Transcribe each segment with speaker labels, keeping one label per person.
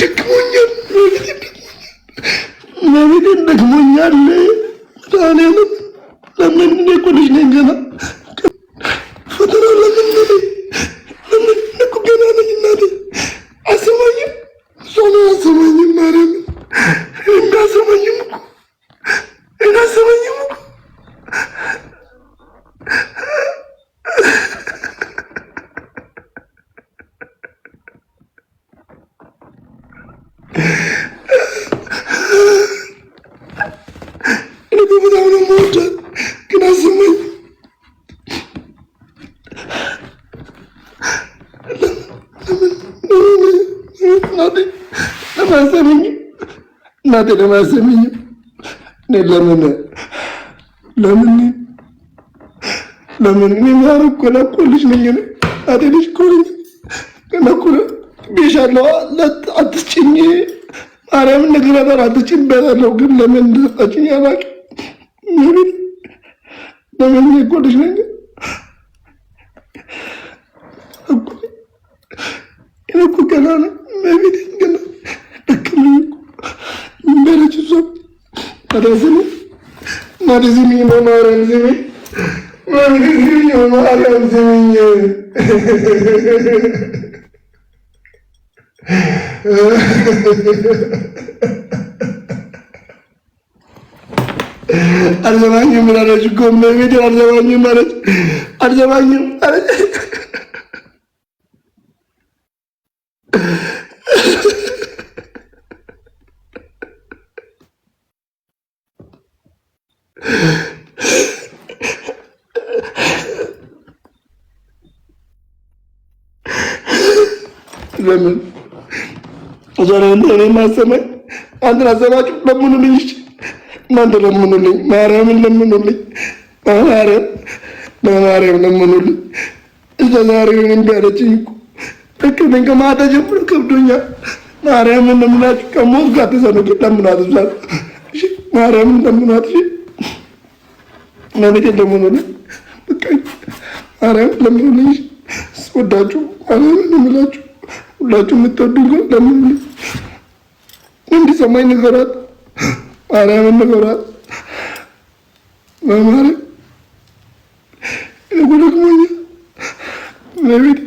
Speaker 1: ደክሞኛል፣ ነብን ደክሞኛል። ልብ በጣም ነው መወዳት፣ ግን አዘመኝ ለማዘመኝ እናቴ ለማዘመኝ ለምን ለምን ለምን እኔ ማረኮ ለኮልሽ ነኝ እናቴ ልጅ ኮልኝ ከነኩለ ቤሻለዋ አትስጭኝ ማርያም ነገር አትጭኝ በላለው ግን ለምን እንደሰጣችኝ አላውቅም። በምን የጎደሽ ነገር እኮ ገና ነው መቤት ገና Her zaman gün bir aracı kombi Mehmet'in her zaman gün aracı. Her zaman gün ben aracı. Zaman. Zaman ne masama. Andra zaman çok ben bunu biliştim. እናንተ ለምኑልኝ፣ ማርያምን ለምኑልኝ፣ ማርያም ለማርያም ለምኑልኝ። እስከ ዛሬ እምቢ አለችኝ እኮ እቅድን ከማታ ጀምሮ ከብዶኛል። ማርያምን ለምናችሁ ከሞት ጋር ተሰነዱ ለምናት ብዛት ማርያምን ለምናት ነቤቴ ለምኑልኝ፣ በቃ ማርያም ለምኑልኝ። ወዳችሁ ማርያምን እምላችሁ ሁላችሁ የምትወዱ ለምኑልኝ፣ እንዲሰማኝ ንገራት ማርያምን ንገሯት መማር ። ጉደግሞኛ ቤት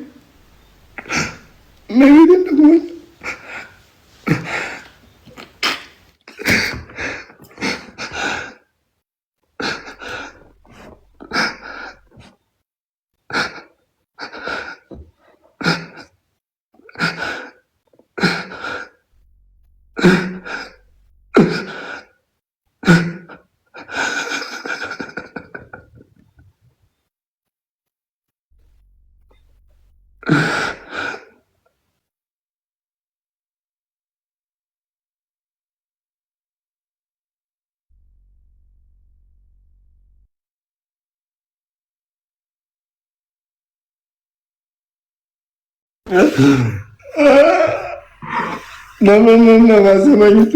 Speaker 1: ለምን ነው ማሰማኝቶ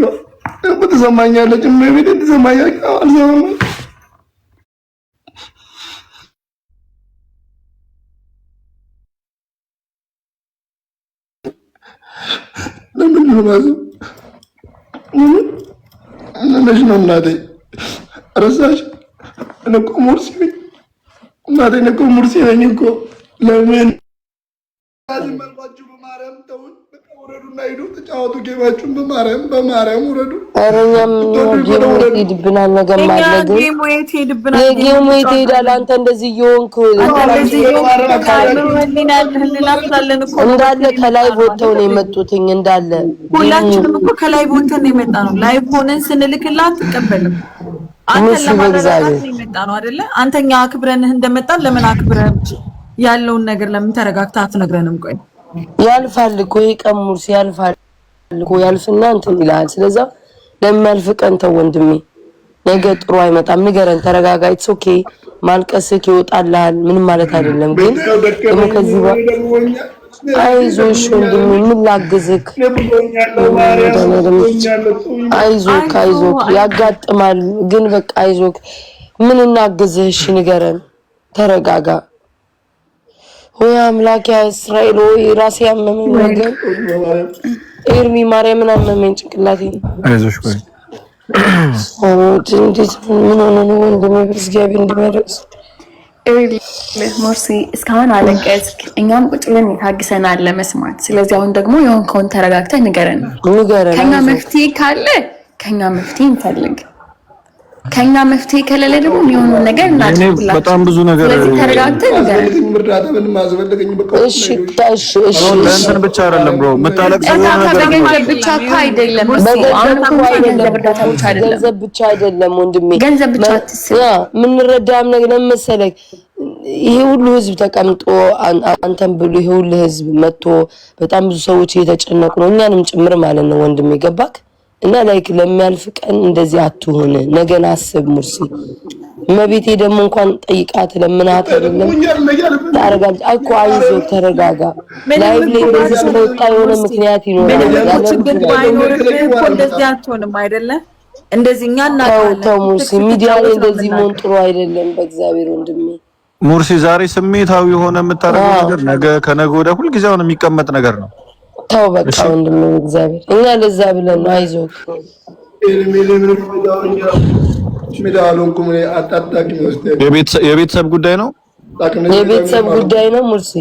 Speaker 1: ትሰማኛለች? ቤት ትሰማኛ አልሰማም ለምን ነው ማዘ ለነሽ ነው እናቴ ረሳሽ? እኔ እኮ ሙርሲ ነኝ እናቴ፣ እኔ እኮ ሙርሲ ነኝ እኮ ለምን አልመልኳችሁ በማርያም ተውን፣ በቃ ውረዱና ሂዱ ተጫወቱ ጌማችሁን። በማርያም በማርያም ውረዱ። ኧረ እኛም የት ሄድብናል? አለ ግን የት ሄዳል? አንተ እንደዚህ እየሆንክ እንዳለ ከላይ ቦተው ነው የመጡትኝ። እንዳለ ሁላችንም እኮ ከላይቭ ነው የመጣ ነው። ላይቭ ሆነን ስንልክላ አትቀበልም። አንተን ለማረጋጋት ነው የመጣ ነው አይደለ? አንተኛ አክብረንህ እንደመጣን ለምን አክብረን ያለውን ነገር ለምን ተረጋግተህ አትነግረንም? ቆይ ያልፋል እኮ ይሄ ቀን ሙርሲ ያልፋል እኮ ያልፍና እንትን ይልሃል። ስለዛ ለሚያልፍ ቀን ተው ወንድሜ፣ ነገ ጥሩ አይመጣም። ንገረን፣ ተረጋጋ። ኢትስ ኦኬ። ማልቀስክ ይወጣልሃል፣ ምንም ማለት አይደለም። ግን ደግሞ ከዚህ በ አይዞሽ ወንድሜ፣ ምን ላግዝክ? አይዞክ፣ አይዞክ፣ ያጋጥማል። ግን በቃ አይዞክ፣ ምን እናግዝህ? እሺ ንገረን፣ ተረጋጋ። ወይ አምላክ ያ እስራኤል ሆይ ራሴ ያመመኝ ነገር ኤርሚ ማርያምን አመመኝ ጭንቅላቴ ነው። አይዞሽ ቆይ ሰዎች እንዴት ምን ሆነ ነው ወንድሜ በእግዚአብሔር እንዲመረጽ ሞርሲ እስካሁን አለቀስ። እኛም ቁጭ ብለን ታግሰናል ለመስማት። ስለዚህ አሁን ደግሞ የሆንከውን ተረጋግተህ ንገረን። ከኛ መፍትሄ ካለ ከኛ መፍትሄ እንፈልግ። ከኛ መፍትሄ ከሌለ ደግሞ የሚሆኑ ነገር እናደርግላችሁ። በጣም ብዙ ነገር ተረጋግተን ብቻ አይደለም ብሮ የምታለቅሰው በገንዘብ ብቻ እኮ አይደለም፣ ገንዘብ ብቻ አይደለም ወንድሜ፣ ገንዘብ ብቻ አትስል ምንረዳም ነገር መሰለክ ይሄ ሁሉ ህዝብ ተቀምጦ አንተን ብሎ ይሄ ሁሉ ህዝብ መጥቶ በጣም ብዙ ሰዎች እየተጨነቁ ነው፣ እኛንም ጭምር ማለት ነው ወንድሜ፣ ገባክ? እና ላይክ ለሚያልፍ ቀን እንደዚህ አትሆን፣ ነገን አስብ ሙርሲ። እመቤቴ ደግሞ እንኳን ጠይቃት ለምናት አይደለም ታረጋል እኮ። አይዞ ተረጋጋ። ላይፍ ላይ እንደዚህ ስለወጣ የሆነ ምክንያት ይኖራል። እንደዚህ አትሆንም እንደዚህ እኛ እናውቃለን። ተው ሙርሲ፣ ሚዲያ ላይ እንደዚህ መሆን ጥሩ አይደለም። በእግዚአብሔር ወንድሜ ሙርሲ፣ ዛሬ ስሜታዊ የሆነ የምታደርገው ነገር ነገ ከነገ ወዲያ ሁልጊዜ አሁን የሚቀመጥ ነገር ነው። ተው በቃ ወንድም እግዚአብሔር እኛ ለዛ ብለን ነው። አይዞህ የቤተሰብ ጉዳይ ነው፣ የቤተሰብ ጉዳይ ነው። ሙርሲ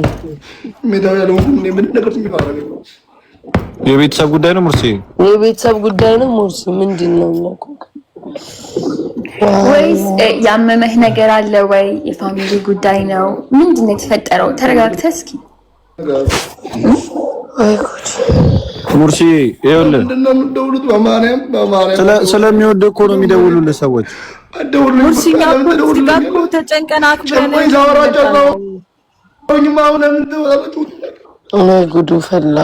Speaker 1: የቤተሰብ ጉዳይ ነው። ሙርሲ የቤተሰብ ጉዳይ ነው። ሙርሲ ምንድን ነው ወይስ ያመመህ ነገር አለ ወይ? የፋሚሊ ጉዳይ ነው። ምንድን ነው የተፈጠረው? ተረጋግተህ እስኪ ሙርሲ ይኸውልህ፣ ስለሚወደው እኮ ነው የሚደውሉልህ ሰዎች። እኮ ተጨንቀን አክብረን ወይ ጉዱ ፈላ።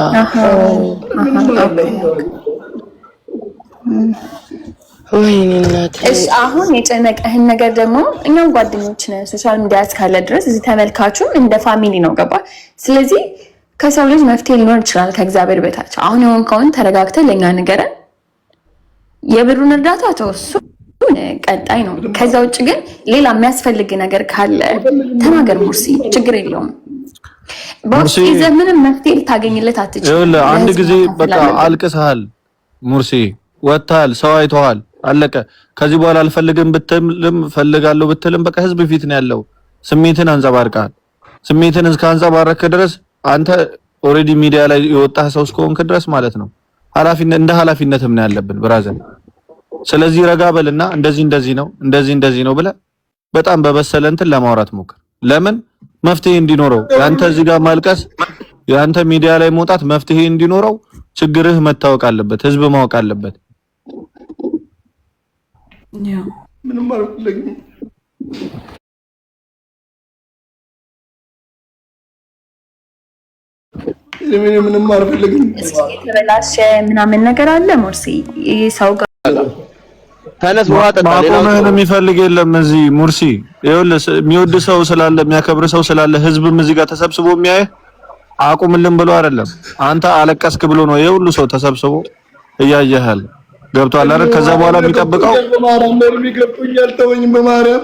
Speaker 1: አሁን የጨነቀህን ነገር ደግሞ እኛም ጓደኞች ሶሻል ሚዲያ እስካለ ድረስ እዚህ ተመልካቹም እንደ ፋሚሊ ነው ገባ። ስለዚህ ከሰው ልጅ መፍትሄ ሊኖር ይችላል ከእግዚአብሔር ቤታቸው። አሁን የሆን ከሆን ተረጋግተህ ለእኛ ንገረን። የብሩን እርዳታ ተወሱ ቀጣይ ነው። ከዛ ውጭ ግን ሌላ የሚያስፈልግ ነገር ካለ ተናገር ሙርሲ፣ ችግር የለውም። በውስጥ ይዘህ ምንም መፍትሄ ልታገኝለት አትችል። አንድ ጊዜ በቃ አልቅሰሃል ሙርሲ፣ ወጥተሃል፣ ሰው አይተዋል፣ አለቀ። ከዚህ በኋላ አልፈልግም ብትልም ፈልጋለሁ ብትልም በቃ ህዝብ ፊት ነው ያለው። ስሜትን አንጸባርቃል። ስሜትን እስከ አንጸባረክ ድረስ አንተ ኦልሬዲ ሚዲያ ላይ የወጣህ ሰው እስከሆንክ ድረስ ማለት ነው ኃላፊነት እንደ ኃላፊነት ምን ያለብን ብራዘን ስለዚህ ረጋ በልና እንደዚህ እንደዚህ ነው እንደዚህ እንደዚህ ነው ብለህ በጣም በበሰለ እንትን ለማውራት ሞክር። ለምን መፍትሄ እንዲኖረው ያንተ እዚህ ጋር ማልቀስ ያንተ ሚዲያ ላይ መውጣት መፍትሄ እንዲኖረው ችግርህ መታወቅ አለበት፣ ህዝብ ማወቅ አለበት። ምንም ምንም አልፈልግም። የተበላሸ ምናምን ነገር አለ ሙርሲ፣ ሰው ጋር ተነስ፣ ውሃ ጠጣ። ማቆምህን የሚፈልግ የለም እዚህ ሙርሲ። ይኸውልህ የሚወድ ሰው ስላለ የሚያከብር ሰው ስላለ ህዝብም እዚህ ጋር ተሰብስቦ የሚያየ አቁምልን ብሎ አይደለም አንተ አለቀስክ ብሎ ነው ይሄ ሁሉ ሰው ተሰብስቦ እያየሃል። ገብቷል አይደል? ከዛ በኋላ የሚጠብቀው በማርያም ነው የሚገብኛል። ተወኝ በማርያም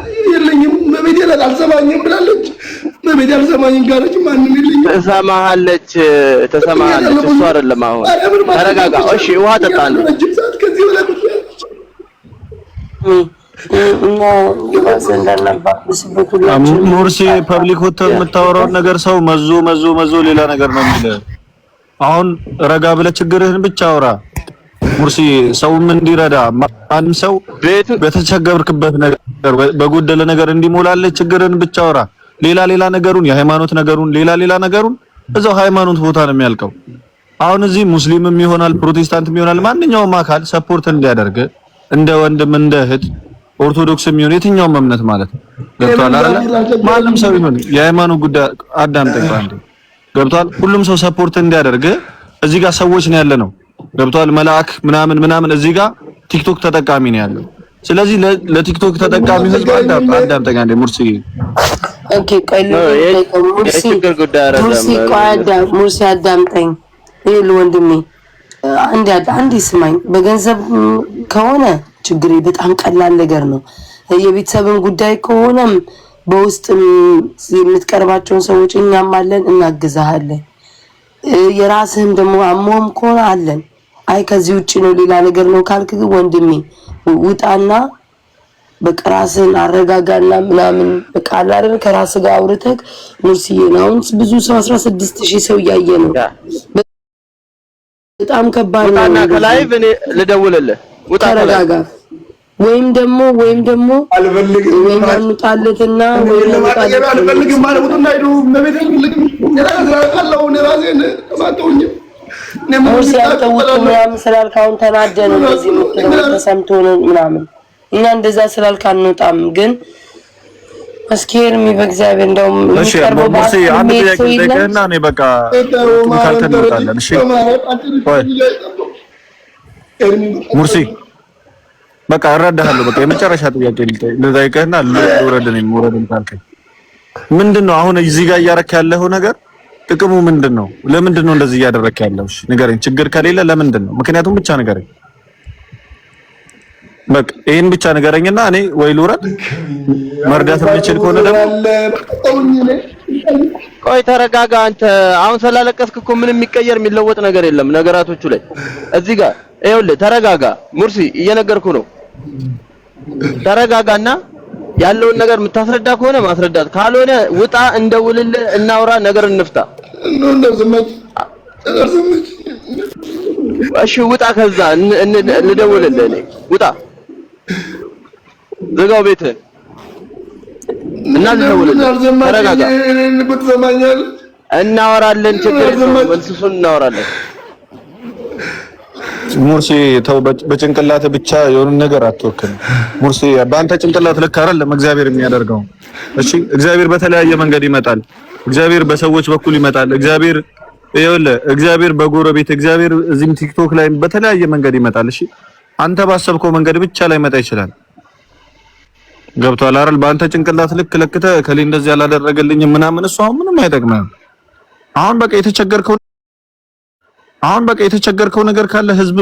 Speaker 1: የለኝም መቤቴ አልሰማኝም ብላለች። መቤቴ አልሰማኝም ጋለች። ማንም የለኝም። ተሰማሃለች፣ ተሰማሃለች። እሱ አይደለም አሁን ተረጋጋ። እሺ ውሃ ጠጣ ከዚህ በላይ ሙርሲ ፐብሊክ ሆቴል የምታወራውን ነገር ሰው መዞ መዞ መዞ ሌላ ነገር ነው የሚለው። አሁን ረጋ ብለህ ችግርህን ብቻ አውራ። ሙርሲ ሰውም እንዲረዳ ማንም ሰው በተቸገርክበት ነገር በጎደለ ነገር እንዲሞላለ ችግርን ብቻ አውራ። ሌላ ሌላ ነገሩን የሃይማኖት ነገሩን ሌላ ሌላ ነገሩን እዛው ሃይማኖት ቦታ ነው የሚያልቀው። አሁን እዚህ ሙስሊምም ይሆናል ፕሮቴስታንትም ይሆናል ማንኛውም አካል ሰፖርት እንዲያደርግ እንደ ወንድም እንደ እህት ኦርቶዶክስም ይሁን የትኛውም እምነት ማለት ገብቷል አይደል? ማንም ሰው ይሁን የሃይማኖት ጉዳይ አዳም ገብቷል። ሁሉም ሰው ሰፖርት እንዲያደርግ እዚህ ጋር ሰዎች ነው ያለ ነው ገብቷል። መልአክ ምናምን ምናምን እዚህ ጋር ቲክቶክ ተጠቃሚ ነው ያለው። ስለዚህ ለቲክቶክ ተጠቃሚ ህዝብ አዳምጠኝ አንዴ ሙርሲ ኦኬ፣ ቆይ አዳምጠኝ። ወንድሜ አንድ አንድ ይስማኝ። በገንዘብ ከሆነ ችግሬ በጣም ቀላል ነገር ነው። የቤተሰብን ጉዳይ ከሆነም በውስጥ የምትቀርባቸውን ሰዎች እኛም አለን፣ እናግዛሃለን። የራስህም ደግሞ አሞም ከሆነ አለን አይ ከዚህ ውጭ ነው ሌላ ነገር ነው ካልክ ወንድሜ ውጣና በቃ ራስህን አረጋጋና ምናምን በቃ አላደር ከራስ ጋር አውርተህ ሙርሲዬን። አሁን ብዙ ሰው አስራ ሺህ ሰው እያየ ነው። በጣም ከባድ ነው። ውጣና ከላይቭ እኔ ልደውልልህ። ውጣ ተረጋጋ። ወይም ደግሞ ወይም ደግሞ አልፈልግም ወይ አልፈልግም ማለት ውጡና ሂዱ። መቤት ራሴን ራሴን ሙርሲ ያልተውጡ ምናምን ስላልክ አሁን ተናደህ ነው ምናምን። እኛ እንደዛ ስላልክ አንወጣም ግን እስኪ በእግዚአብሔር እንደውም የሚቀርበው ሙርሲ አንድ ጥያቄ እኔ በቃ ካልተ እንወጣለን። እሺ ሙርሲ በቃ እረዳሃለሁ። በቃ የመጨረሻ ጥያቄ ልጠይቅህና ልውረድ ካልከኝ ምንድን ነው አሁን እዚህ ጋር እያረክ ያለኸው ነገር ጥቅሙ ምንድን ነው? ለምንድን ነው እንደዚህ እያደረክ ያለው? እሺ ንገረኝ። ችግር ከሌለ ለምንድን ነው? ምክንያቱም ብቻ ንገረኝ። በቃ ይሄን ብቻ ንገረኝና እኔ ወይ ልውረድ። መርዳት የምችል ከሆነ ደግሞ ቆይ ተረጋጋ። አንተ አሁን ስላለቀስክ እኮ ምንም የሚቀየር የሚለወጥ ነገር የለም ነገራቶቹ ላይ። እዚህ ጋር ይኸውልህ፣ ተረጋጋ። ሙርሲ እየነገርኩ ነው። ተረጋጋና ያለውን ነገር የምታስረዳ ከሆነ ማስረዳት፣ ካልሆነ ውጣ፣ እንደውልልህ፣ እናውራ፣ ነገር እንፍታ። እሺ ውጣ፣ ከዛ ልደውልልህ እኔ። ውጣ፣ ዝጋው ቤትህን እና እናወራለን። ችግር የለውም፣ መልስሱን እናወራለን። ሙርሲ ተው፣ በጭንቅላት ብቻ የሆነ ነገር አትወክል። ሙርሲ በአንተ ጭንቅላት ልክ አይደለም እግዚአብሔር የሚያደርገው። እሺ እግዚአብሔር በተለያየ መንገድ ይመጣል። እግዚአብሔር በሰዎች በኩል ይመጣል። እግዚአብሔር ይኸውልህ፣ እግዚአብሔር በጎረቤት፣ እግዚአብሔር እዚህም ቲክቶክ ላይ በተለያየ መንገድ ይመጣል። እሺ አንተ ባሰብከው መንገድ ብቻ ላይ መጣ ይችላል። ገብቷል አይደል? በአንተ ጭንቅላት ልክ ለክተህ ከሌ እንደዚህ ያላደረገልኝም ምናምን እሱ አሁን ምንም አይጠቅምም። አሁን በቃ የተቸገርከው አሁን በቃ የተቸገርከው ነገር ካለ ህዝብ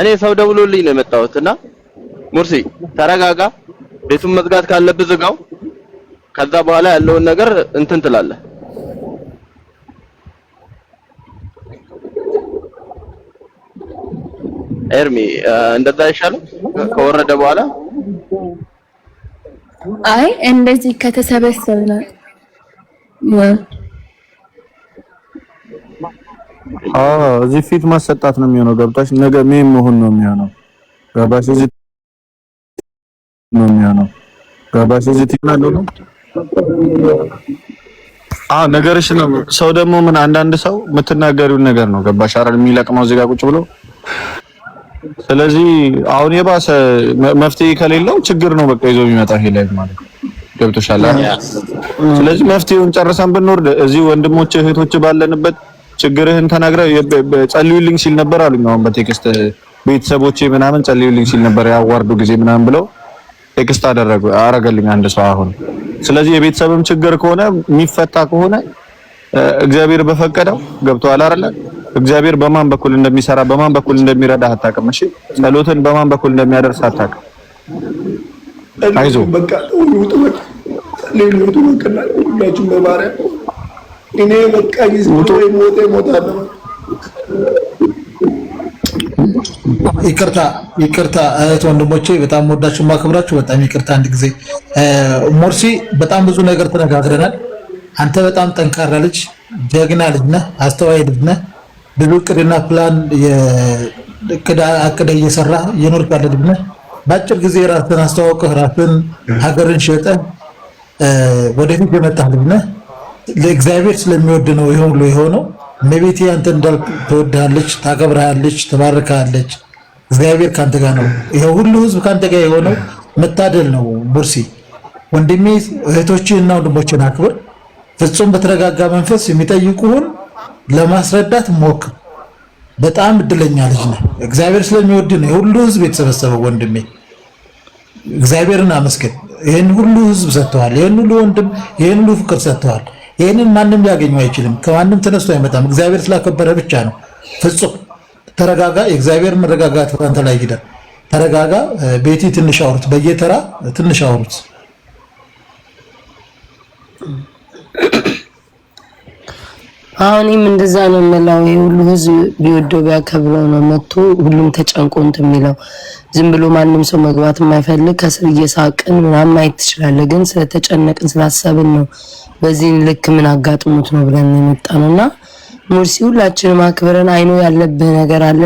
Speaker 1: እኔ ሰው ደውሎልኝ ነው የመጣሁት እና ሙርሲ ተረጋጋ። ቤቱን መዝጋት ካለብህ ዝጋው። ከዛ በኋላ ያለውን ነገር እንትን ትላለህ። ኤርሚ እንደዛ አይሻልም? ከወረደ በኋላ አይ እንደዚህ ከተሰበሰብና እዚህ ፊት ማሰጣት ነው የሚሆነው። ገብታሽ ነገ ምን መሆን ነው የሚሆነው? ገባሽ? እዚህ ነው የሚሆነው። ገባሽ? እዚህ ነው አ ነገርሽ ነው። ሰው ደግሞ ምን አንዳንድ ሰው የምትናገሪውን ነገር ነው ገባሽ? አረ የሚለቅመው እዚህ ጋር ቁጭ ብሎ ስለዚህ አሁን የባሰ መፍትሄ ከሌለው ችግር ነው በቃ ይዞ የሚመጣ ሄላይ ማለት ነው። ገብቶሻል። ስለዚህ መፍትሄውን ጨርሰን ብንወርድ እዚህ ወንድሞች እህቶች ባለንበት ችግርህን ተናግረ ጸልዩልኝ ሲል ነበር አሉኝ። አሁን በቴክስት ቤተሰቦቼ ምናምን ጸልዩልኝ ሲል ነበር ያዋርዱ ጊዜ ምናምን ብለው ቴክስት አደረጉ አረገልኝ አንድ ሰው አሁን። ስለዚህ የቤተሰብም ችግር ከሆነ የሚፈታ ከሆነ እግዚአብሔር በፈቀደው ገብቷል አይደለ? እግዚአብሔር በማን በኩል እንደሚሰራ በማን በኩል እንደሚረዳ አታውቅም። እሺ ጸሎትን በማን በኩል እንደሚያደርስ አታውቅም። አይዞህ ሌሎቱ በቀላ ሁላችሁም በማርያም እኔ በቃ ጊዜ ሞቴ እሞታለሁ። ይቅርታ ይቅርታ፣ እህት ወንድሞቼ በጣም ወዳችሁ ማክብራችሁ፣ በጣም ይቅርታ። አንድ ጊዜ ሞርሲ፣ በጣም ብዙ ነገር ተነጋግረናል። አንተ በጣም ጠንካራ ልጅ፣ ጀግና ልጅ ነህ፣ አስተዋይ ልጅ ነህ። ብዙ እቅድና ፕላን አቅደ እየሰራ እየኖርክ ያለ ልጅ ነህ። በአጭር ጊዜ ራስን አስተዋውቀህ ራስን ሀገርን ሸጠህ ወደፊት የመጣህ ልጅ ነህ። ለእግዚአብሔር ስለሚወድ ነው ይህ ሁሉ የሆነው። እመቤቴ አንተ እንዳልክ ትወድሃለች፣ ታከብርሃለች፣ ትባርክሃለች። እግዚአብሔር ከአንተ ጋር ነው። ይሄ ሁሉ ህዝብ ከአንተ ጋር የሆነው መታደል ነው። ሙርሲ ወንድሜ፣ እህቶችን እና ወንድሞችን አክብር። ፍጹም በተረጋጋ መንፈስ የሚጠይቁህን ለማስረዳት ሞክር። በጣም እድለኛ ልጅ ነህ። እግዚአብሔር ስለሚወድ ነው የሁሉ ህዝብ የተሰበሰበው። ወንድሜ እግዚአብሔርን አመስግን። ይህን ሁሉ ህዝብ ሰጥተዋል። ይህን ሁሉ ወንድም፣ ይህን ሁሉ ፍቅር ሰጥተዋል። ይህንን ማንም ሊያገኘው አይችልም። ከማንም ተነስቶ አይመጣም። እግዚአብሔር ስላከበረ ብቻ ነው። ፍጹም ተረጋጋ። የእግዚአብሔር መረጋጋት አንተ ላይ ይደር። ተረጋጋ። ቤቲ ትንሽ አውሩት፣ በየተራ ትንሽ አውሩት። አሁን እኔም እንደዛ ነው የምለው። ይሄ ሁሉ ህዝብ ቢወደው ቢያከብረው ነው መጥቶ ሁሉም ተጨንቆ እንትን የሚለው። ዝም ብሎ ማንም ሰው መግባት የማይፈልግ ከስር እየሳቅን ምናምን ማየት ትችላለህ። ግን ስለተጨነቅን ስላሰብን ነው በዚህን ልክ ምን አጋጥሞት ነው ብለን የመጣ ነው እና ሙርሲ ሁላችንም አክብረን አይኖ ያለብህ ነገር አለ፣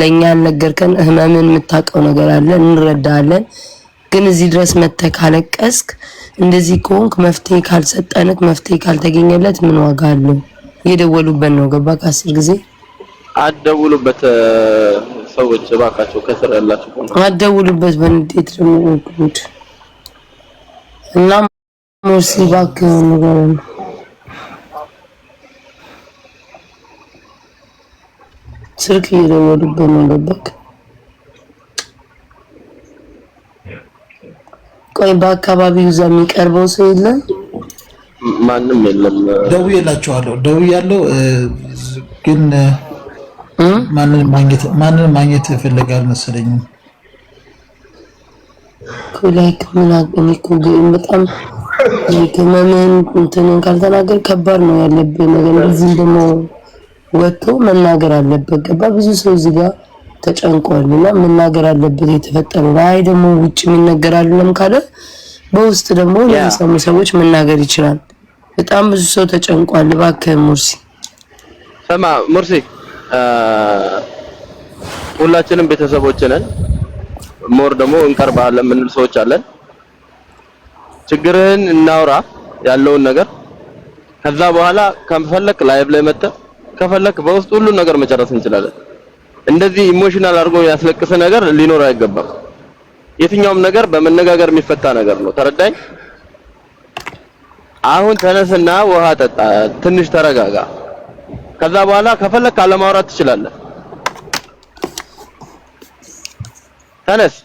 Speaker 1: ለእኛ ነገርከን፣ ህመምን የምታውቀው ነገር አለ፣ እንረዳለን። ግን እዚህ ድረስ መጥተህ ካለቀስክ እንደዚህ ከሆንክ መፍትሄ ካልሰጠንክ መፍትሄ ካልተገኘለት ምን ዋጋ አለው? የደወሉበት ነው። ገባ ከአስር ጊዜ አደውሉበት። ሰዎች እባካቸው ከስር ያላችሁ አደውሉበት። በንዴት ደምቁት እና ሞርሲ ባክ ነገር ነው ስልክ እየደወሉበት ነው። ገባክ ቆይ በአካባቢው እዛ የሚቀርበው ሰው የለም። ማንም የለም። ደውዬላችኋለሁ ደውያለሁ፣ ግን ማንንም ማግኘት ማንንም ማግኘት ይፈልጋል መሰለኝ። ኮላይክ ላይክ ምን በጣም ከመምህን እንትን ካልተናገር ከባድ ነው ያለብህ ነገር። እንደዚህ ደግሞ ወጥቶ መናገር አለበት። ገባ ብዙ ሰው እዚህ ጋር ተጨንቋል እና መናገር አለበት የተፈጠረው። አይ ደግሞ ውጭ የሚነገራለም ካለ በውስጥ ደግሞ ለሚሰሙ ሰዎች መናገር ይችላል። በጣም ብዙ ሰው ተጨንቋል። እባክህ ሙርሲ ስማ፣ ሙርሲ ሁላችንም ቤተሰቦች ነን። ሞር ደግሞ እንቀርባለን ምንል ሰዎች አለን። ችግርህን እናውራ ያለውን ነገር ከዛ በኋላ ከፈለክ ላይቭ ላይ መጥተህ ከፈለክ በውስጥ ሁሉን ነገር መጨረስ እንችላለን። እንደዚህ ኢሞሽናል አድርጎ ያስለቅሰ ነገር ሊኖር አይገባም። የትኛውም ነገር በመነጋገር የሚፈታ ነገር ነው። ተረዳኝ። አሁን ተነስና ውሃ ጠጣ፣ ትንሽ ተረጋጋ። ከዛ በኋላ ከፈለክ አለማውራት ትችላለህ። ተነስ።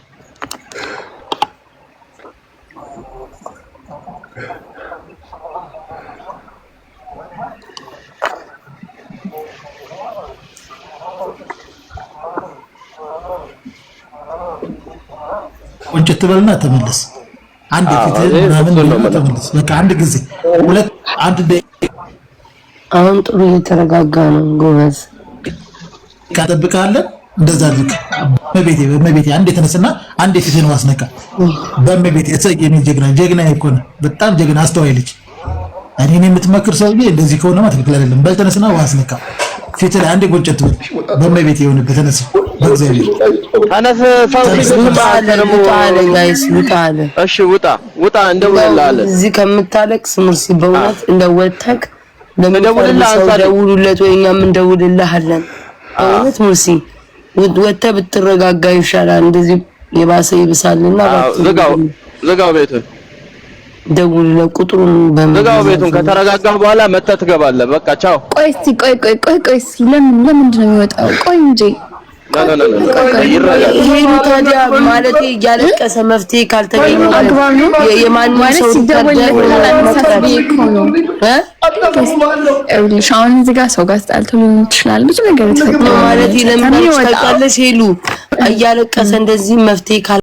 Speaker 1: ቁጭት በልና ተመለስ። አንድ ፊትህን ምናምን ተመለስ። በቃ አንድ ጊዜ ሁለት አንድ አሁን ጥሩ እየተረጋጋ ነው። ጎበዝ ካጠብቃለን እንደዛ አድርግ። በመቤቴ አንድ የተነስና አንድ አንዴ ፊትህን ዋስነካ። በመቤቴ እሰየኔ ጀግና ጀግና እኮ ነው። በጣም ጀግና አስተዋይ ልጅ። እኔን የምትመክር ሰውዬ እንደዚህ ከሆነማ ትክክል አይደለም። በል ተነስና ዋስነካ ፊት ላይ አንድ ቁጭት ብር በመቤት የሆነ በተነሳ ተነስ። ውጣ አለ ጋይስ፣ ውጣ አለ። እሺ ውጣ፣ ውጣ። እንደውልልሃለሁ በእውነት እንደወተክ ደውሉለት፣ ወይ እኛም እንደውልልሃለን። በእውነት ምርሲ፣ ወተህ ብትረጋጋ ይሻላል። እንደዚህ የባሰ ይብሳልና፣ ዝጋው፣ ዝጋው ደውለው ለቁጥሩን በመጋው ቤቱን ከተረጋጋህ በኋላ መተህ ትገባለህ። በቃ ቻው። ቆይ እስኪ ቆይ ቆይ ቆይ ቆይ እስኪ ለምን ለምንድን ነው የሚወጣው? ቆይ እንጂ ታዲያ እያለቀሰ መፍትሄ ካልተገኘ ማለት ሄሉ እያለቀሰ እንደዚህ መፍትሄ